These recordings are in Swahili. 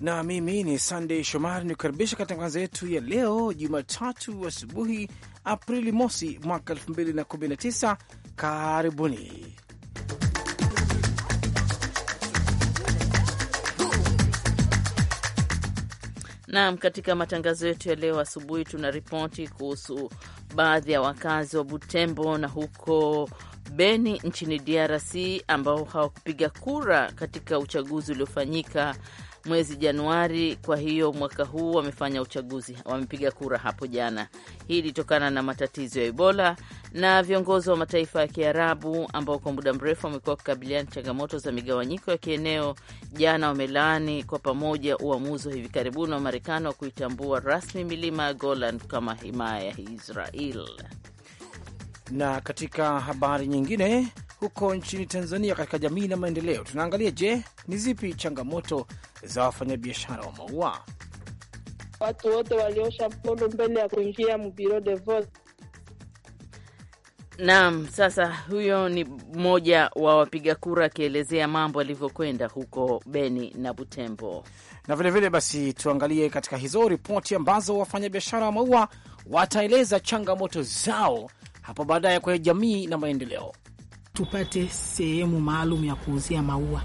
na mimi ni Sandey Shomari kukaribisha katika matangazo yetu ya leo Jumatatu asubuhi, Aprili mosi mwaka 2019. Karibuni nam. Katika matangazo yetu ya leo asubuhi, tuna ripoti kuhusu baadhi ya wakazi wa Butembo na huko Beni nchini DRC ambao hawakupiga kura katika uchaguzi uliofanyika mwezi Januari. Kwa hiyo mwaka huu wamefanya uchaguzi, wamepiga kura hapo jana. Hii ilitokana na matatizo ya Ebola na viongozi wa mataifa ya Kiarabu ambao kwa muda mrefu wamekuwa wakikabiliana changamoto za migawanyiko ya kieneo, jana wamelaani kwa pamoja uamuzi wa hivi karibuni wa Marekani wa kuitambua rasmi milima ya Golan kama himaya ya Israel. Na katika habari nyingine, huko nchini Tanzania, katika jamii na maendeleo, tunaangalia je, ni zipi changamoto za wafanyabiashara wa maua? Watu wote waliosha mkono mbele ya kuingia mbiro de vote. Naam, sasa huyo ni mmoja wa wapiga kura akielezea mambo alivyokwenda huko Beni na Butembo. Na vilevile vile basi, tuangalie katika hizo ripoti ambazo wafanyabiashara wa maua wataeleza changamoto zao hapo baadaye kwenye jamii na maendeleo. Tupate sehemu maalum ya kuuzia maua.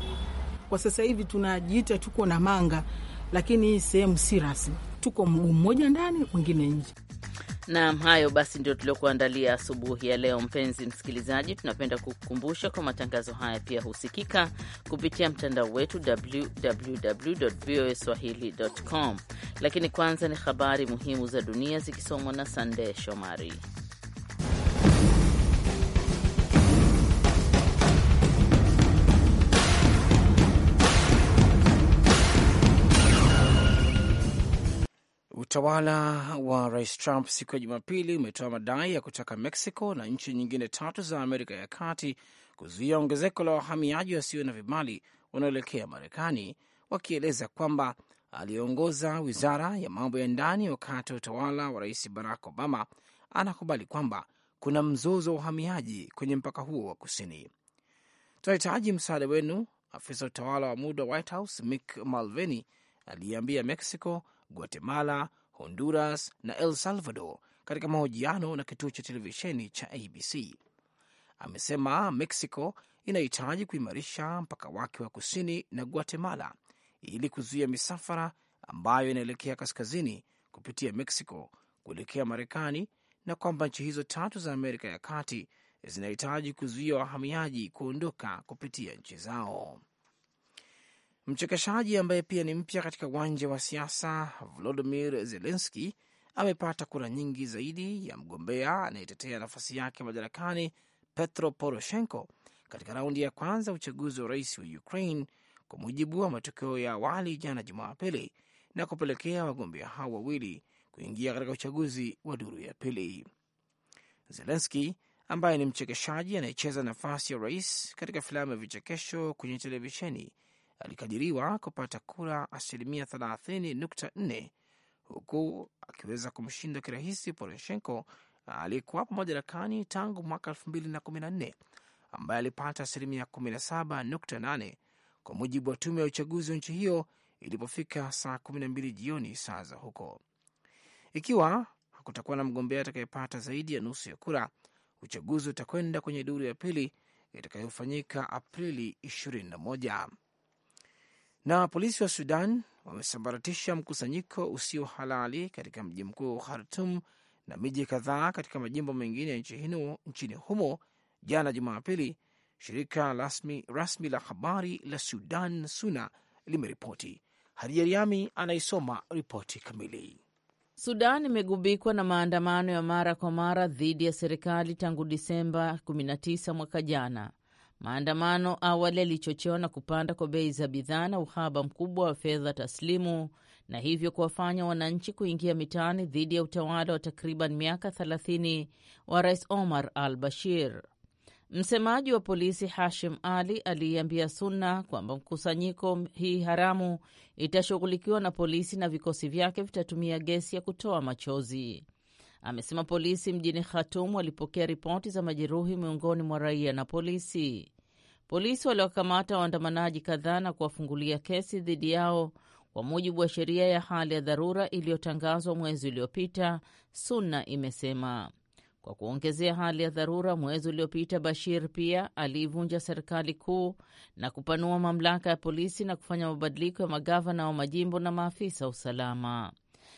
Kwa sasa hivi tunajiita tuko na manga, lakini hii sehemu si rasmi, tuko mguu mmoja ndani, mwingine nje. Naam, hayo basi ndio tuliokuandalia asubuhi ya leo. Mpenzi msikilizaji, tunapenda kukukumbusha kwa matangazo haya pia husikika kupitia mtandao wetu www voa swahili com, lakini kwanza ni habari muhimu za dunia zikisomwa na Sandey Shomari. Utawala wa Rais Trump siku ya Jumapili umetoa madai ya kutaka Mexico na nchi nyingine tatu za Amerika ya Kati kuzuia ongezeko la wahamiaji wasio na vibali wanaoelekea Marekani, wakieleza kwamba aliyeongoza wizara ya mambo ya ndani wakati wa utawala wa Rais Barack Obama anakubali kwamba kuna mzozo wa uhamiaji kwenye mpaka huo wa kusini. Tunahitaji msaada wenu, afisa utawala wa muda White House Mick Mulvaney aliyeambia Mexico, Guatemala, Honduras na El Salvador katika mahojiano na kituo cha televisheni cha ABC. Amesema Mexico inahitaji kuimarisha mpaka wake wa kusini na Guatemala ili kuzuia misafara ambayo inaelekea kaskazini kupitia Mexico kuelekea Marekani na kwamba nchi hizo tatu za Amerika ya Kati zinahitaji kuzuia wahamiaji kuondoka kupitia nchi zao. Mchekeshaji ambaye pia ni mpya katika uwanja wa siasa, Volodimir Zelenski amepata kura nyingi zaidi ya mgombea anayetetea nafasi yake madarakani Petro Poroshenko katika raundi ya kwanza uchaguzi wa rais wa Ukraine kwa mujibu wa matokeo ya awali jana Jumapili, na kupelekea wagombea hao wawili kuingia katika uchaguzi wa duru ya pili. Zelenski ambaye ni mchekeshaji anayecheza nafasi ya rais katika filamu ya vichekesho kwenye televisheni alikadiriwa kupata kura asilimia 30.4 huku akiweza kumshinda kirahisi Poroshenko aliyekuwapo madarakani tangu mwaka 2014 ambaye alipata asilimia 17.8 kwa mujibu wa tume ya uchaguzi wa nchi hiyo ilipofika saa 12 jioni saa za huko. Ikiwa hakutakuwa na mgombea atakayepata zaidi ya nusu ya kura, uchaguzi utakwenda kwenye duru ya pili itakayofanyika Aprili 21. Na polisi wa Sudan wamesambaratisha mkusanyiko usio halali katika mji mkuu Khartum na miji kadhaa katika majimbo mengine ya nchini humo jana Jumapili, shirika rasmi, rasmi la habari la Sudan SUNA limeripoti. Hadijariami anaisoma ripoti kamili. Sudan imegubikwa na maandamano ya mara kwa mara dhidi ya serikali tangu Disemba 19 mwaka jana Maandamano awali yalichochewa na kupanda kwa bei za bidhaa na uhaba mkubwa wa fedha taslimu na hivyo kuwafanya wananchi kuingia mitaani dhidi ya utawala wa takriban miaka 30 wa Rais Omar al Bashir. Msemaji wa polisi Hashim Ali aliiambia Sunna kwamba mkusanyiko hii haramu itashughulikiwa na polisi na vikosi vyake vitatumia gesi ya kutoa machozi. Amesema polisi mjini Khartoum walipokea ripoti za majeruhi miongoni mwa raia na polisi. Polisi waliwakamata waandamanaji kadhaa na kuwafungulia kesi dhidi yao kwa mujibu wa sheria ya hali ya dharura iliyotangazwa mwezi uliopita, Sunna imesema. Kwa kuongezea hali ya dharura mwezi uliopita, Bashir pia aliivunja serikali kuu na kupanua mamlaka ya polisi na kufanya mabadiliko ya magavana wa majimbo na maafisa usalama.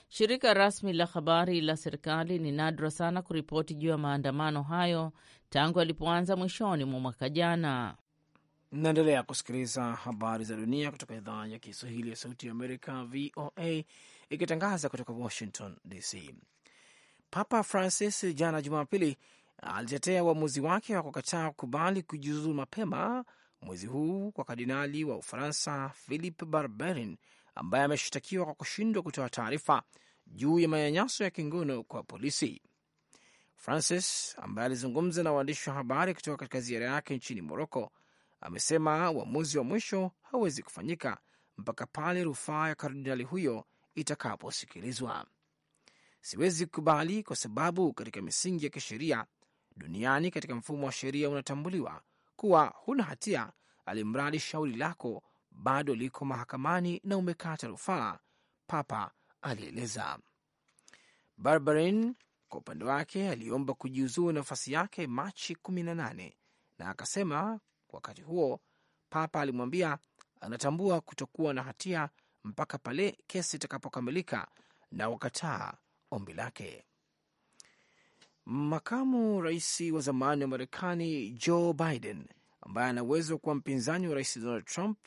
Shirika rasmi la habari la serikali ni nadra sana kuripoti juu ya maandamano hayo tangu alipoanza mwishoni mwa mwaka jana naendelea kusikiliza habari za dunia kutoka idhaa ya Kiswahili ya Sauti ya Amerika, VOA, ikitangaza kutoka Washington DC. Papa Francis jana Jumapili alitetea uamuzi wake wa kukataa kukubali kujiuzulu mapema mwezi huu kwa kardinali wa Ufaransa philip Barberin ambaye ameshtakiwa kwa kushindwa kutoa taarifa juu ya manyanyaso ya kingono kwa polisi. Francis ambaye alizungumza na waandishi wa habari kutoka katika ziara yake nchini Moroko amesema uamuzi wa mwisho hauwezi kufanyika mpaka pale rufaa ya kardinali huyo itakaposikilizwa. Siwezi kukubali kwa sababu katika misingi ya kisheria duniani, katika mfumo wa sheria unatambuliwa kuwa huna hatia, alimradi shauri lako bado liko mahakamani na umekata rufaa, Papa alieleza. Barbarin kwa upande wake aliomba kujiuzuu nafasi yake Machi 18 na akasema Wakati huo Papa alimwambia anatambua kutokuwa na hatia mpaka pale kesi itakapokamilika na wakataa ombi lake. Makamu rais wa zamani wa Marekani Joe Biden ambaye ana uwezo wa kuwa mpinzani wa rais Donald Trump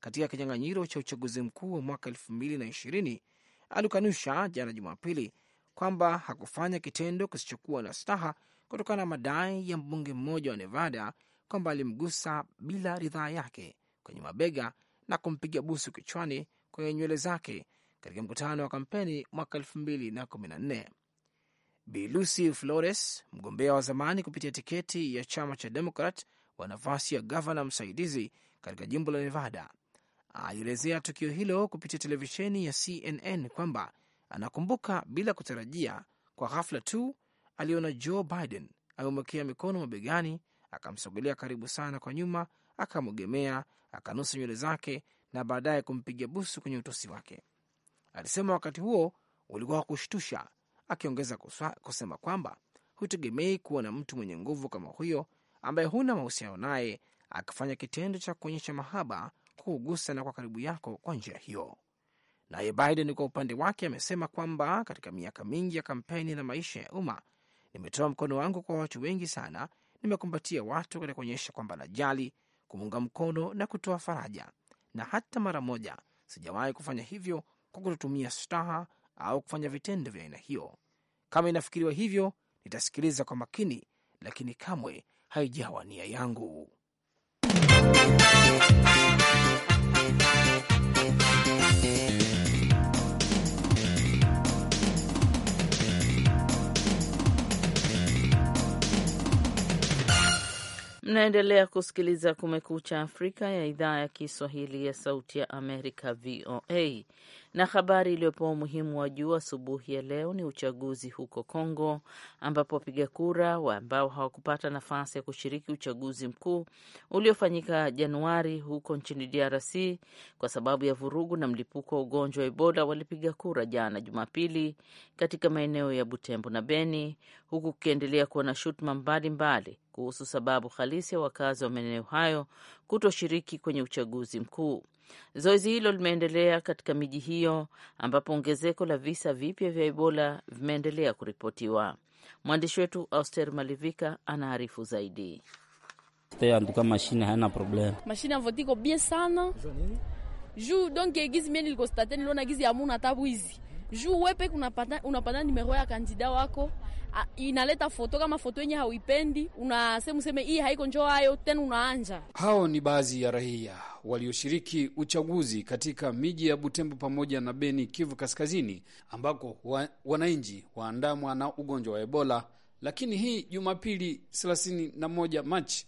katika kinyang'anyiro cha uchaguzi mkuu wa mwaka elfu mbili na ishirini alikanusha jana Jumapili kwamba hakufanya kitendo kisichokuwa na staha kutokana na madai ya mbunge mmoja wa Nevada kwamba alimgusa bila ridhaa yake kwenye mabega na kumpiga busu kichwani kwenye nywele zake katika mkutano wa kampeni mwaka nne. Bi Lucy Flores, mgombea wa zamani kupitia tiketi ya chama cha Demokrat wa nafasi ya gavana msaidizi katika jimbo la Nevada, alielezea tukio hilo kupitia televisheni ya CNN kwamba anakumbuka bila kutarajia, kwa ghafla tu aliona Joe Biden amemwekea mikono mabegani akamsogelea karibu sana kwa nyuma, akamwegemea, akanusa nywele zake na baadaye kumpiga busu kwenye utosi wake. Alisema wakati huo ulikuwa wa kushtusha, akiongeza kusema kwamba hutegemei kuwa na mtu mwenye nguvu kama huyo ambaye huna mahusiano naye akifanya kitendo cha kuonyesha mahaba, kuugusa na kwa karibu yako kwa njia hiyo. Naye Biden kwa upande wake amesema kwamba katika miaka mingi ya kampeni na maisha ya umma, nimetoa mkono wangu kwa watu wengi sana nimekumbatia watu katika kuonyesha kwamba najali, kumuunga mkono na kutoa faraja, na hata mara moja sijawahi kufanya hivyo kwa kutotumia staha au kufanya vitendo vya aina hiyo. Kama inafikiriwa hivyo, nitasikiliza kwa makini, lakini kamwe haijawa nia yangu. Mnaendelea kusikiliza Kumekucha Afrika ya idhaa ya Kiswahili ya Sauti ya Amerika, VOA. Na habari iliyopewa umuhimu wa juu asubuhi ya leo ni uchaguzi huko Kongo, ambapo wapiga kura wa ambao hawakupata nafasi ya kushiriki uchaguzi mkuu uliofanyika Januari huko nchini DRC kwa sababu ya vurugu na mlipuko wa ugonjwa wa Ebola walipiga kura jana Jumapili katika maeneo ya Butembo na Beni, huku kukiendelea kuwa na shutuma mbalimbali kuhusu sababu halisi ya wakazi wa maeneo hayo kutoshiriki kwenye uchaguzi mkuu. Zoezi hilo limeendelea katika miji hiyo ambapo ongezeko la visa vipya vya Ebola vimeendelea kuripotiwa. Mwandishi wetu Auster Malivika anaarifu zaidi. Antuka mashine haina problem, mashine avotiko sana juu donke egizi mie nilikostate niliona gizi amuna tabu hizi juu wepe unapata, unapata nimero ya kandida wako a, inaleta foto kama foto yenye hauipendi unasema useme hii haiko njoo hayo tena unaanja. Hao ni baadhi ya raia walioshiriki uchaguzi katika miji ya Butembo pamoja na Beni, Kivu Kaskazini, ambako wa, wananchi waandamwa na ugonjwa wa Ebola, lakini hii Jumapili 31 Machi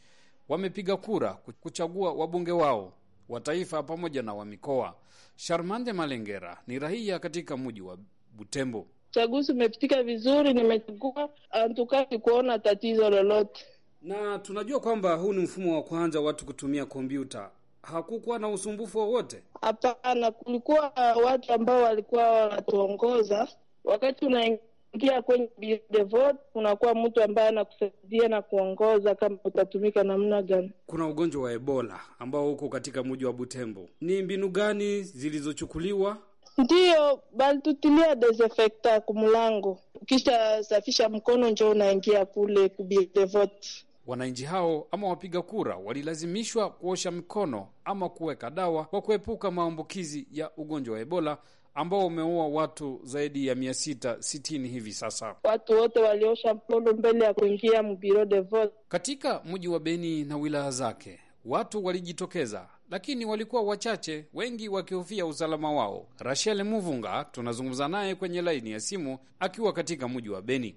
wamepiga kura kuchagua wabunge wao wa taifa pamoja na wa mikoa. Sharmande Malengera ni raia katika mji wa Butembo. Uchaguzi umepitika vizuri, nimechagua antukati kuona tatizo lolote. Na tunajua kwamba huu ni mfumo wa kwanza watu kutumia kompyuta. Hakukuwa na usumbufu wowote? Hapana, kulikuwa watu ambao walikuwa wanatuongoza wakati unaingia Ukiingia kwenye BiDevot unakuwa mtu ambaye anakusaidia na kuongoza kama utatumika namna gani. Kuna ugonjwa wa Ebola ambao uko katika mji wa Butembo, ni mbinu gani zilizochukuliwa? Ndiyo, balitutilia desinfecta kumlango, ukishasafisha mkono njo unaingia kule kubiDevot. Wananchi hao ama wapiga kura walilazimishwa kuosha mikono ama kuweka dawa kwa kuepuka maambukizi ya ugonjwa wa Ebola ambao umeua watu zaidi ya mia sita sitini hivi sasa. Watu wote waliosha mkono mbele ya kuingia mbiro de vote katika mji wa Beni na wilaya zake. Watu walijitokeza lakini walikuwa wachache, wengi wakihofia usalama wao. Rachel Muvunga tunazungumza naye kwenye laini ya simu akiwa katika mji wa Beni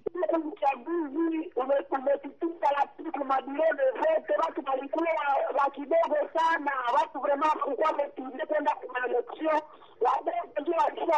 kumadilele zote watu walikuwa wa sana, watu kwenda wadogo walikuwa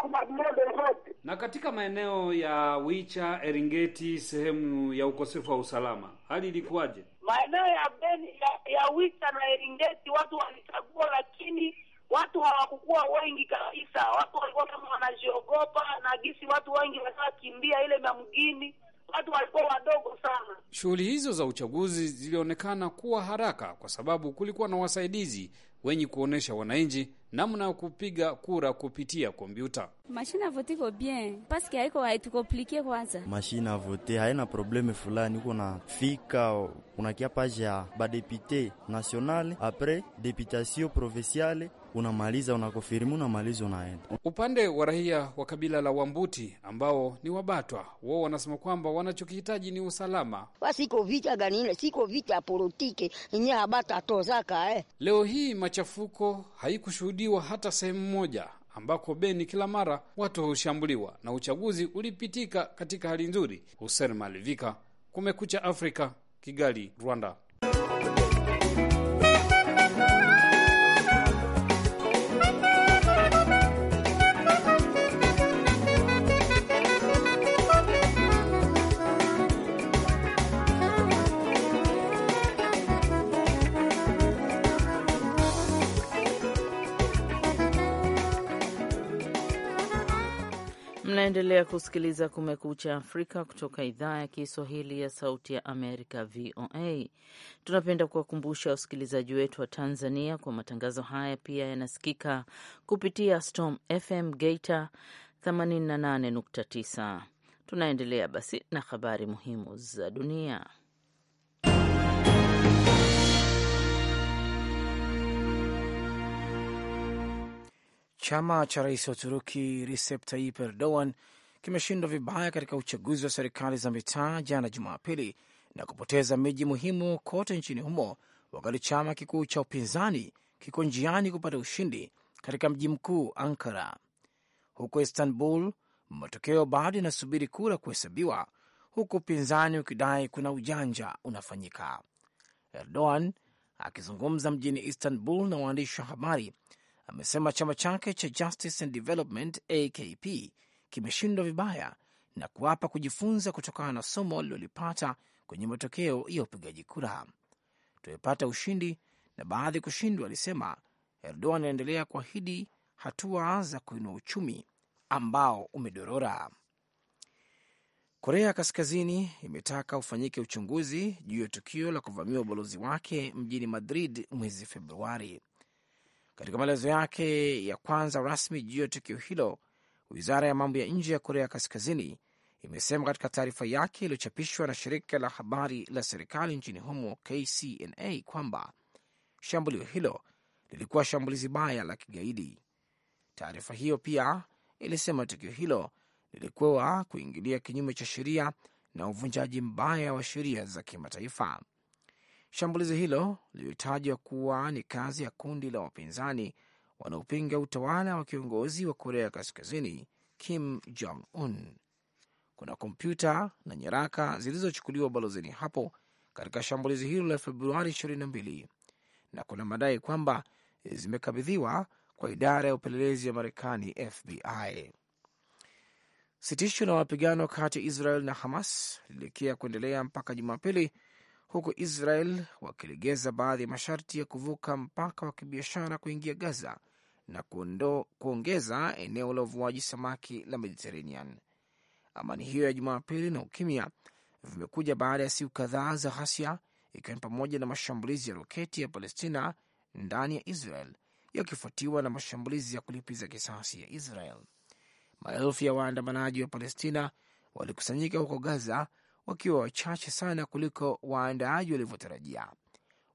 kumadilele zote. Na katika maeneo ya Wicha, Eringeti, sehemu ya ukosefu wa usalama, hali ilikuwaje? Maeneo ya Beni ya, ya Wicha na Eringeti watu walichagua, lakini watu hawakukuwa wengi kabisa. Watu walikuwa kama wanajiogopa na gisi, watu wengi wanakimbia ile mamgini watu walikuwa wadogo sana. Shughuli hizo za uchaguzi zilionekana kuwa haraka kwa sababu kulikuwa na wasaidizi wenye kuonesha wananchi namna ya kupiga kura kupitia kompyuta. Mashine vote iko bien paske haiko haitukomplikie kwanza. Mashine vote haina probleme fulani, uko na fika kuna kia page ya badepute nationale apres deputation provinciale unamaliza unakofirimu, unamaliza unaenda. Upande wa raia wa kabila la Wambuti ambao ni Wabatwa, wao wanasema kwamba wanachokihitaji ni usalama. Siko vita ganile, siko vita politike inye habata tozaka eh. Leo hii machafuko haikushuhudiwa hata sehemu moja ambako Beni kila mara watu hushambuliwa na uchaguzi ulipitika katika hali nzuri. Hussein Malivika, Kumekucha Afrika, Kigali, Rwanda. Unaendelea kusikiliza Kumekucha Afrika kutoka idhaa ya Kiswahili ya Sauti ya Amerika, VOA. Tunapenda kuwakumbusha wasikilizaji wetu wa Tanzania kwa matangazo haya pia yanasikika kupitia Storm FM Geita 88.9. Tunaendelea basi na habari muhimu za dunia. Chama cha rais wa Uturuki Recep Tayyip Erdogan kimeshindwa vibaya katika uchaguzi wa serikali za mitaa jana Jumapili na kupoteza miji muhimu kote nchini humo, wakati chama kikuu cha upinzani kiko njiani kupata ushindi katika mji mkuu Ankara. Huko Istanbul, matokeo bado yanasubiri kura kuhesabiwa, huku upinzani ukidai kuna ujanja unafanyika. Erdogan akizungumza mjini Istanbul na waandishi wa habari amesema chama chake cha Justice and Development AKP kimeshindwa vibaya na kuapa kujifunza kutokana na somo lilolipata kwenye matokeo ya upigaji kura. Tumepata ushindi na baadhi kushindwa, alisema. Erdogan anaendelea kuahidi hatua za kuinua uchumi ambao umedorora. Korea Kaskazini imetaka ufanyike uchunguzi juu ya tukio la kuvamiwa ubalozi wake mjini Madrid mwezi Februari. Katika maelezo yake ya kwanza rasmi juu ya tukio hilo, wizara ya mambo ya nje ya Korea Kaskazini imesema katika taarifa yake iliyochapishwa na shirika la habari la serikali nchini humo KCNA kwamba shambulio hilo lilikuwa shambulizi baya la kigaidi. Taarifa hiyo pia ilisema tukio hilo lilikuwa kuingilia kinyume cha sheria na uvunjaji mbaya wa sheria za kimataifa. Shambulizi hilo lilitajwa kuwa ni kazi ya kundi la wapinzani wanaopinga utawala wa kiongozi wa Korea Kaskazini Kim Jong Un. Kuna kompyuta na nyaraka zilizochukuliwa balozini hapo katika shambulizi hilo la Februari 22 na kuna madai kwamba zimekabidhiwa kwa idara ya upelelezi ya Marekani, FBI. Sitisho la mapigano kati ya Israel na Hamas lilielekea kuendelea mpaka Jumapili huku Israel wakilegeza baadhi ya masharti ya kuvuka mpaka wa kibiashara kuingia Gaza na kuondo, kuongeza eneo la uvuaji samaki la Mediterranean. Amani hiyo ya Jumapili na ukimya vimekuja baada ya siku kadhaa za ghasia, ikiwa ni pamoja na mashambulizi ya roketi ya Palestina ndani ya Israel yakifuatiwa na mashambulizi ya kulipiza kisasi ya Israel. Maelfu ya waandamanaji wa Palestina walikusanyika huko Gaza wakiwa wachache sana kuliko waandaaji walivyotarajia.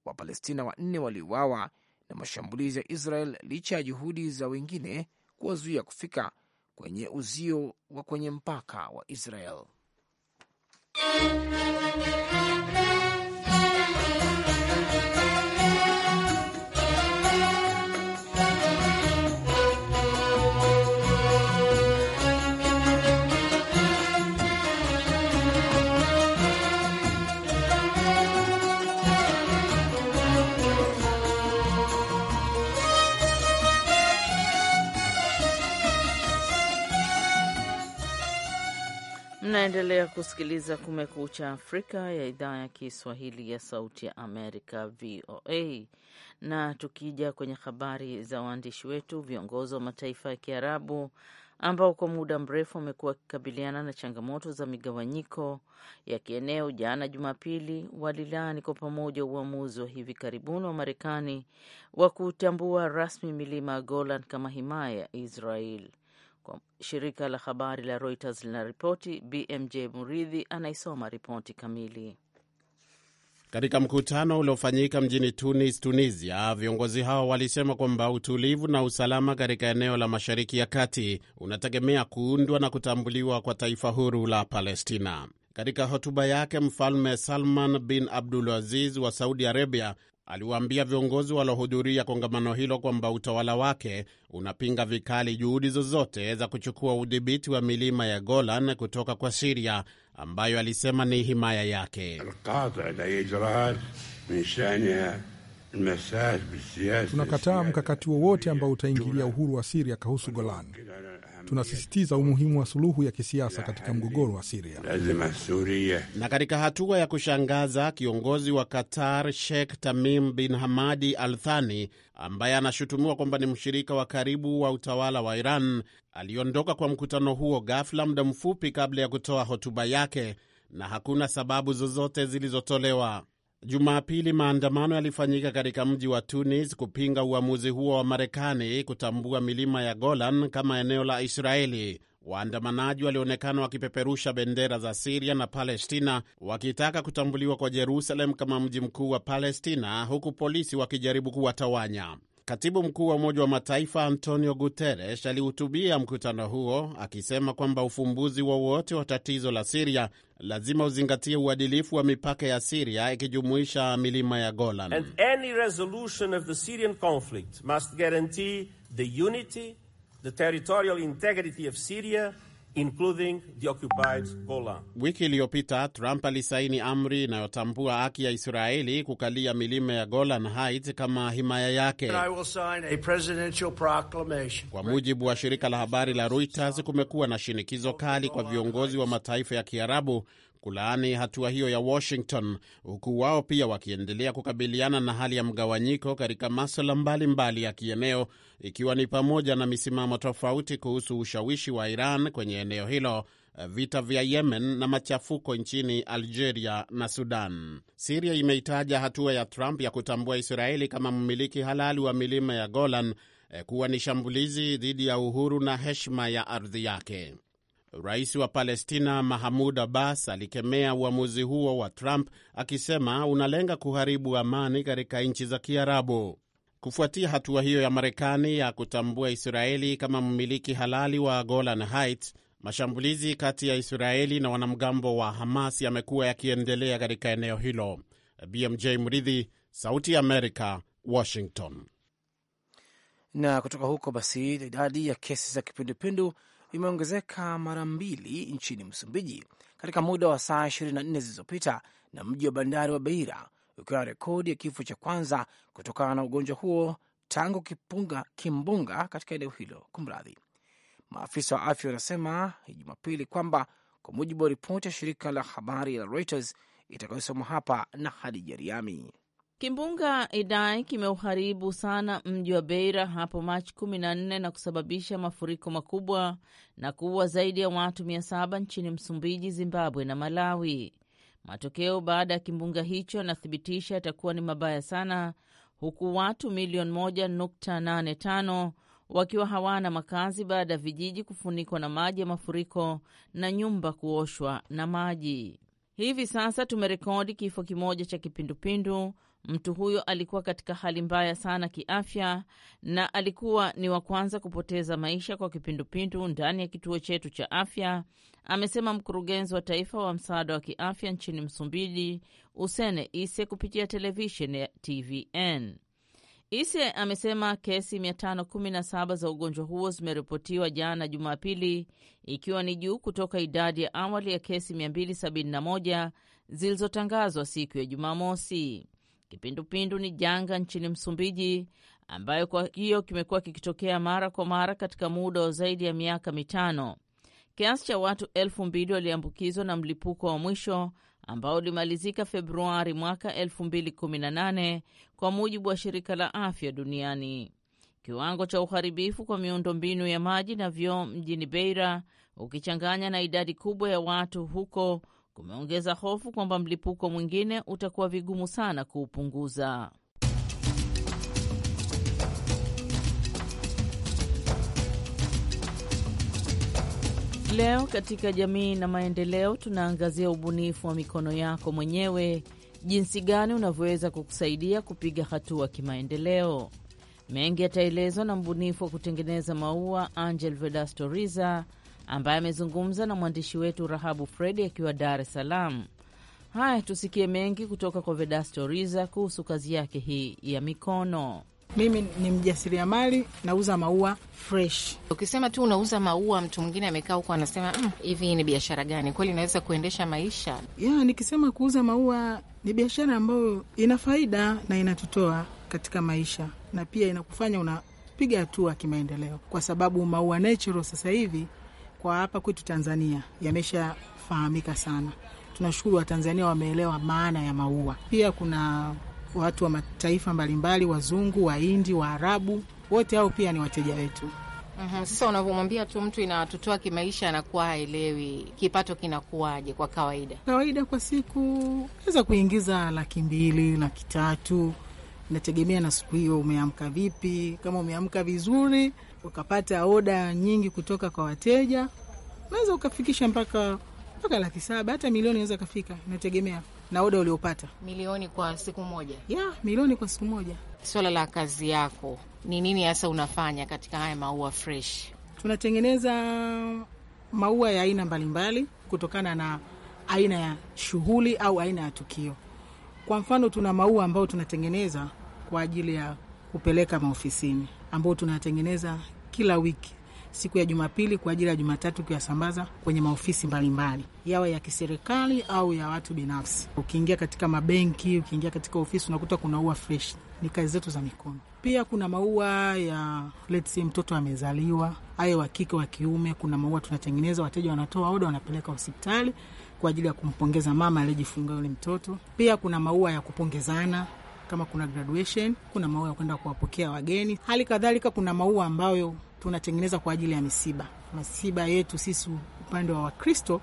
Wapalestina wanne waliuawa na mashambulizi ya Israel licha ya juhudi za wengine kuwazuia kufika kwenye uzio wa kwenye mpaka wa Israel. Mnaendelea kusikiliza Kumekucha Afrika ya idhaa ya Kiswahili ya Sauti ya Amerika, VOA. Na tukija kwenye habari za waandishi wetu, viongozi wa mataifa ya Kiarabu ambao kwa muda mrefu wamekuwa wakikabiliana na changamoto za migawanyiko ya kieneo, jana Jumapili walilaani kwa pamoja uamuzi wa hivi karibuni wa Marekani wa kutambua rasmi milima ya Golan kama himaya ya Israel. Kwa shirika la habari la Reuters linaripoti. BMJ Muridhi anaisoma ripoti kamili. Katika mkutano uliofanyika mjini Tunis, Tunisia, viongozi hao walisema kwamba utulivu na usalama katika eneo la Mashariki ya Kati unategemea kuundwa na kutambuliwa kwa taifa huru la Palestina. Katika hotuba yake, Mfalme Salman bin Abdul Aziz wa Saudi Arabia aliwaambia viongozi waliohudhuria kongamano hilo kwamba utawala wake unapinga vikali juhudi zozote za kuchukua udhibiti wa milima ya Golan kutoka kwa Siria ambayo alisema ni himaya yake. Tunakataa mkakati wowote ambao utaingilia uhuru wa Siria kuhusu Golan tunasisitiza umuhimu wa suluhu ya kisiasa katika mgogoro wa Siria. Na katika hatua ya kushangaza, kiongozi wa Qatar Sheikh Tamim bin Hamadi Al Thani, ambaye anashutumiwa kwamba ni mshirika wa karibu wa utawala wa Iran, aliondoka kwa mkutano huo ghafla, muda mfupi kabla ya kutoa hotuba yake, na hakuna sababu zozote zilizotolewa. Jumapili maandamano yalifanyika katika mji wa Tunis kupinga uamuzi huo wa Marekani kutambua milima ya Golan kama eneo la Israeli. Waandamanaji walionekana wakipeperusha bendera za Siria na Palestina wakitaka kutambuliwa kwa Jerusalem kama mji mkuu wa Palestina, huku polisi wakijaribu kuwatawanya. Katibu mkuu wa Umoja wa Mataifa Antonio Guterres alihutubia mkutano huo akisema kwamba ufumbuzi wowote wa, wa tatizo la Siria lazima uzingatie uadilifu wa mipaka ya Siria ikijumuisha milima ya Golan. And any resolution of the Syrian conflict must guarantee the unity, the territorial integrity of Syria including the occupied Golan. Wiki iliyopita Trump alisaini amri inayotambua haki ya Israeli kukalia milima ya Golan Heights kama himaya yake. I will sign a presidential proclamation. Kwa mujibu wa shirika la habari la Reuters, kumekuwa na shinikizo kali kwa viongozi wa mataifa ya Kiarabu kulaani hatua hiyo ya Washington, huku wao pia wakiendelea kukabiliana na hali ya mgawanyiko katika maswala mbalimbali ya kieneo, ikiwa ni pamoja na misimamo tofauti kuhusu ushawishi wa Iran kwenye eneo hilo, vita vya Yemen na machafuko nchini Algeria na Sudan. Siria imeitaja hatua ya Trump ya kutambua Israeli kama mmiliki halali wa milima ya Golan eh, kuwa ni shambulizi dhidi ya uhuru na heshima ya ardhi yake. Rais wa Palestina Mahmud Abbas alikemea uamuzi huo wa Trump akisema unalenga kuharibu amani katika nchi za Kiarabu. Kufuatia hatua hiyo ya Marekani ya kutambua Israeli kama mmiliki halali wa Golan Heights, mashambulizi kati ya Israeli na wanamgambo wa Hamas yamekuwa yakiendelea katika eneo hilo. BMJ Mridhi, Sauti ya Amerika, Washington. Na kutoka huko basi, idadi ya kesi za kipindupindu vimeongezeka mara mbili nchini Msumbiji katika muda wa saa 24 zilizopita, na mji wa bandari wa Beira ukiwa rekodi ya kifo cha kwanza kutokana na ugonjwa huo tangu kipunga, kimbunga katika eneo hilo. Kumradhi, maafisa wa afya wanasema Jumapili kwamba kwa mujibu wa ripoti ya shirika la habari la Reuters itakayosoma hapa na Hadija Riami. Kimbunga Idai kimeuharibu sana mji wa Beira hapo Machi 14 na kusababisha mafuriko makubwa na kuua zaidi ya watu 700 nchini Msumbiji, Zimbabwe na Malawi. Matokeo baada ya kimbunga hicho yanathibitisha yatakuwa ni mabaya sana, huku watu milioni 1.85 wakiwa hawana makazi baada ya vijiji kufunikwa na maji ya mafuriko na nyumba kuoshwa na maji. Hivi sasa tumerekodi kifo kimoja cha kipindupindu Mtu huyo alikuwa katika hali mbaya sana kiafya na alikuwa ni wa kwanza kupoteza maisha kwa kipindupindu ndani ya kituo chetu cha afya, amesema mkurugenzi wa taifa wa msaada wa kiafya nchini Msumbiji, Usene Ise, kupitia televisheni ya TVN. Ise amesema kesi 517 za ugonjwa huo zimeripotiwa jana Jumapili, ikiwa ni juu kutoka idadi ya awali ya kesi 271 zilizotangazwa siku ya Jumamosi. Kipindupindu ni janga nchini Msumbiji ambayo kwa hiyo kimekuwa kikitokea mara kwa mara katika muda wa zaidi ya miaka mitano. Kiasi cha watu elfu mbili waliambukizwa na mlipuko wa mwisho ambao ulimalizika Februari mwaka 2018 kwa mujibu wa shirika la afya duniani. Kiwango cha uharibifu kwa miundombinu ya maji na vyoo mjini Beira ukichanganya na idadi kubwa ya watu huko kumeongeza hofu kwamba mlipuko mwingine utakuwa vigumu sana kuupunguza. Leo katika jamii na maendeleo tunaangazia ubunifu wa mikono yako mwenyewe, jinsi gani unavyoweza kukusaidia kupiga hatua kimaendeleo. Mengi yataelezwa na mbunifu wa kutengeneza maua Angel Velastoriza ambaye amezungumza na mwandishi wetu Rahabu Fredi akiwa Dar es Salaam. Haya, tusikie mengi kutoka kwa Vedasto Riza kuhusu kazi yake hii ya mikono. Mimi ni mjasiriamali, nauza maua fresh. Ukisema tu unauza maua, mtu mwingine amekaa huko anasema mm, hivi, mm, ni biashara gani kweli inaweza kuendesha maisha ya? Nikisema kuuza maua ni biashara ambayo ina faida na inatutoa katika maisha na pia inakufanya unapiga hatua kimaendeleo, kwa sababu maua natural sasa hivi kwa hapa kwetu Tanzania yameshafahamika sana. Tunashukuru Watanzania wameelewa maana ya maua. Pia kuna watu wa mataifa mbalimbali, wazungu, Wahindi, Waarabu, wote hao pia ni wateja wetu. Uhum. Sasa unavyomwambia tu mtu inatutoa kimaisha, anakuwa haelewi kipato kinakuwaje kwa kawaida. Kawaida kwa siku naweza kuingiza laki mbili, laki tatu, nategemea na siku hiyo umeamka vipi. Kama umeamka vizuri ukapata oda nyingi kutoka kwa wateja, unaweza ukafikisha mpaka mpaka laki saba hata milioni inaweza kafika, inategemea na oda uliopata. Milioni kwa siku moja? Yeah, milioni kwa siku moja. Swala la kazi yako ni nini hasa unafanya katika haya maua fresh? Tunatengeneza maua ya aina mbalimbali kutokana na aina ya shughuli au aina ya tukio. Kwa mfano, tuna maua ambayo tunatengeneza kwa ajili ya kupeleka maofisini, ambayo tunatengeneza kila wiki siku ya Jumapili kwa ajili ya Jumatatu kuyasambaza kwenye maofisi mbalimbali yawe ya kiserikali au ya watu binafsi. Ukiingia katika mabenki, ukiingia katika ofisi unakuta kuna ua fresh, ni kazi zetu za mikono. Pia kuna maua ya let's say, mtoto amezaliwa, aye wa kike wa kiume, kuna maua tunatengeneza, wateja wanatoa oda, wanapeleka hospitali kwa ajili ya kumpongeza mama aliyejifungua yule mtoto. Pia kuna maua ya kupongezana kama kuna graduation, kuna maua ya kwenda kuwapokea wageni, hali kadhalika kuna maua ambayo tunatengeneza kwa ajili ya misiba. Misiba yetu sisi upande wa Wakristo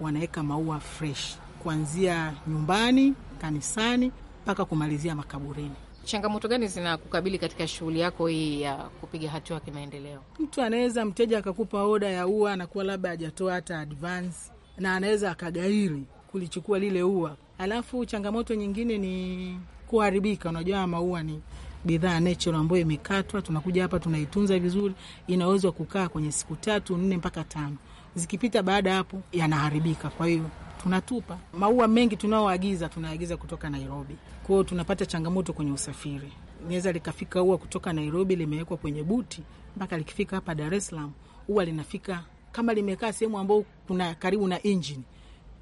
wanaweka maua fresh kuanzia nyumbani, kanisani mpaka kumalizia makaburini. Changamoto gani zinakukabili katika shughuli yako hii ya kupiga hatua kimaendeleo? Mtu anaweza mteja akakupa oda ya ua, anakuwa labda hajatoa hata advance, na anaweza akagairi kulichukua lile ua. Alafu changamoto nyingine ni kuharibika. Unajua maua ni bidhaa natural ambayo imekatwa, tunakuja hapa tunaitunza vizuri, inaweza kukaa kwenye siku tatu nne mpaka tano. Zikipita baada hapo yanaharibika, kwa hiyo tunatupa. Maua mengi tunaoagiza tunaagiza kutoka Nairobi, kwao tunapata changamoto kwenye usafiri. Inaweza likafika ua kutoka Nairobi limewekwa kwenye buti mpaka likifika hapa Dar es Salaam, ua linafika kama limekaa sehemu ambayo kuna karibu na injini,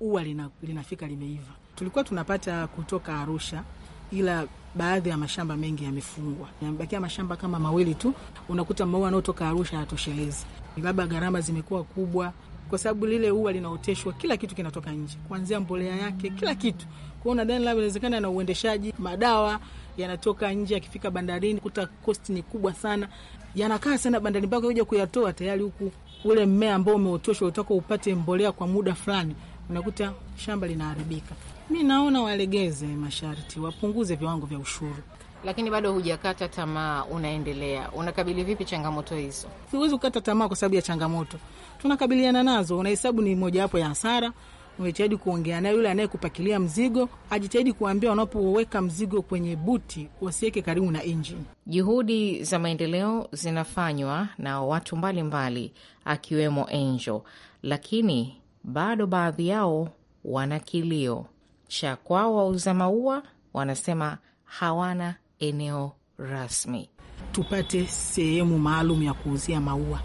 ua lina, linafika limeiva. Tulikuwa tunapata kutoka Arusha ila baadhi ya mashamba mengi yamefungwa, yamebakia mashamba kama mawili tu. Unakuta maua anaotoka Arusha hayatoshelezi, labda gharama zimekuwa kubwa, kwa sababu lile ua linaoteshwa, kila kitu kinatoka nje, kuanzia mbolea yake, kila kitu. Kwa hiyo nadhani labda inawezekana na uendeshaji, madawa yanatoka nje, yakifika bandarini kuta kosti ni kubwa sana, yanakaa sana bandarini mpaka kuja kuyatoa tayari huku ule mmea ambao umeotoshwa utaka upate mbolea kwa muda fulani, unakuta shamba linaharibika. Mi naona walegeze masharti, wapunguze viwango vya ushuru. Lakini bado hujakata tamaa, unaendelea. Unakabili vipi changamoto hizo? Siwezi kukata tamaa kwa sababu ya changamoto tunakabiliana nazo. Unahesabu ni mojawapo ya hasara Unajitahidi kuongea naye yule anayekupakilia mzigo, ajitahidi kuambia wanapoweka mzigo kwenye buti wasiweke karibu na injini. Juhudi za maendeleo zinafanywa na watu mbalimbali mbali, akiwemo Angel, lakini bado baadhi yao wana kilio cha kwao wauza maua wanasema hawana eneo rasmi. Tupate sehemu maalum ya kuuzia maua.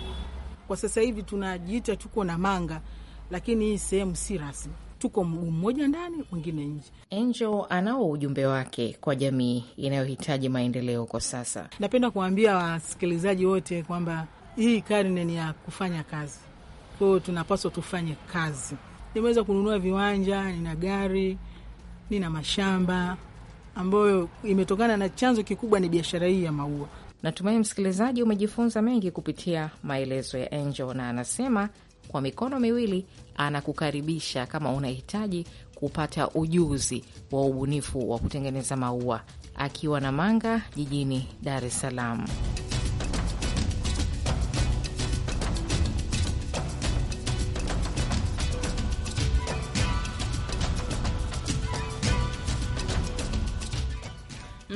Kwa sasa hivi tunajiita tuko na manga, lakini hii sehemu si rasmi, tuko mguu mmoja ndani, mwingine nje. Angel anao ujumbe wake kwa jamii inayohitaji maendeleo kwa sasa. Napenda kuwaambia wasikilizaji wote kwamba hii karne ni ya kufanya kazi, kwa hiyo tunapaswa tufanye kazi nimeweza kununua viwanja, nina gari, nina mashamba ambayo imetokana na chanzo kikubwa ni biashara hii ya maua. Natumai msikilizaji umejifunza mengi kupitia maelezo ya Angel, na anasema kwa mikono miwili anakukaribisha kama unahitaji kupata ujuzi wa ubunifu wa kutengeneza maua, akiwa na Manga jijini Dar es Salaam.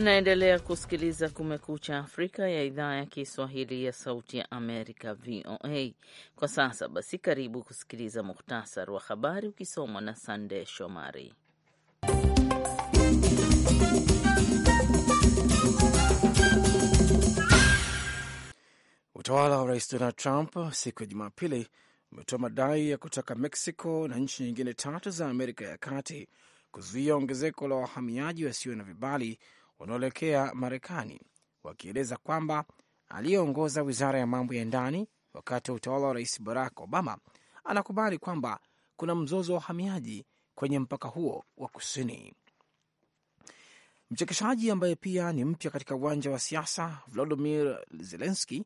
Mnaendelea kusikiliza Kumekucha Afrika ya idhaa ya Kiswahili ya Sauti ya Amerika, VOA. Kwa sasa basi, karibu kusikiliza muhtasar wa habari ukisomwa na Sande Shomari. Utawala wa Rais Donald Trump siku ya Jumapili umetoa madai ya kutaka Mexico na nchi nyingine tatu za Amerika ya Kati kuzuia ongezeko la wahamiaji wasio na vibali wanaoelekea Marekani, wakieleza kwamba aliyeongoza wizara ya mambo ya ndani wakati wa utawala wa Rais Barack Obama anakubali kwamba kuna mzozo wa uhamiaji kwenye mpaka huo wa kusini. Mchekeshaji ambaye pia ni mpya katika uwanja wa siasa, Volodymyr zelenski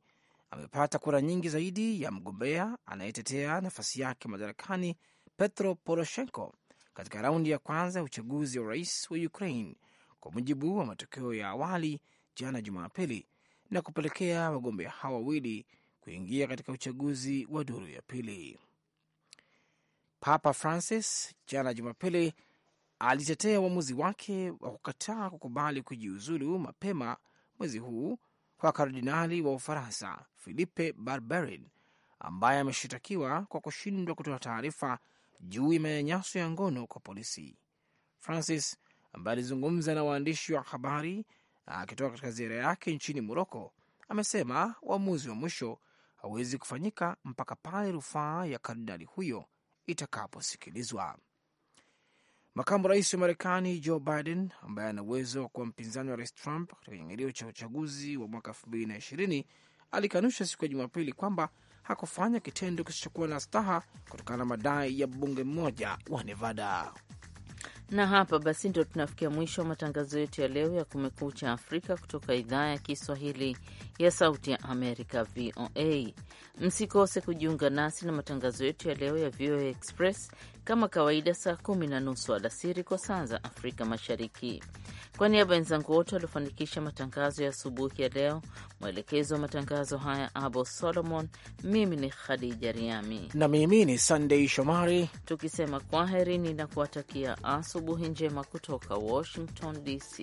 amepata kura nyingi zaidi ya mgombea anayetetea nafasi yake madarakani Petro Poroshenko katika raundi ya kwanza ya uchaguzi wa rais wa Ukraine kwa mujibu wa matokeo ya awali jana Jumapili, na kupelekea wagombea hao wawili kuingia katika uchaguzi wa duru ya pili. Papa Francis jana Jumapili alitetea uamuzi wake wa kukataa kukubali kujiuzulu mapema mwezi huu kwa kardinali wa Ufaransa Philippe Barbarin ambaye ameshitakiwa kwa kushindwa kutoa taarifa juu ya manyanyaso ya ngono kwa polisi. Francis ambaye alizungumza na waandishi wa habari akitoka katika ziara yake nchini Moroko, amesema uamuzi wa mwisho hawezi kufanyika mpaka pale rufaa ya kardinali huyo itakaposikilizwa. Makamu rais wa Marekani Joe Biden, ambaye ana uwezo wa kuwa mpinzani wa rais Trump katika kinyang'anyiro cha uchaguzi wa mwaka elfu mbili na ishirini alikanusha siku ya Jumapili kwamba hakufanya kitendo kisichokuwa na staha kutokana na madai ya mbunge mmoja wa Nevada. Na hapa basi ndio tunafikia mwisho wa matangazo yetu ya leo ya Kumekucha Afrika kutoka idhaa ya Kiswahili ya Sauti ya Amerika, VOA. Msikose kujiunga nasi na matangazo yetu ya leo ya VOA Express kama kawaida, saa kumi na nusu alasiri kwa saa za Afrika Mashariki. Kwa niaba ya wenzangu wote waliofanikisha matangazo ya asubuhi ya leo, mwelekezi wa matangazo haya Abo Solomon, mimi ni Khadija Riami na mimi ni Sandei Shomari, tukisema kwaherini na kuwatakia asu asubuhi njema kutoka Washington DC.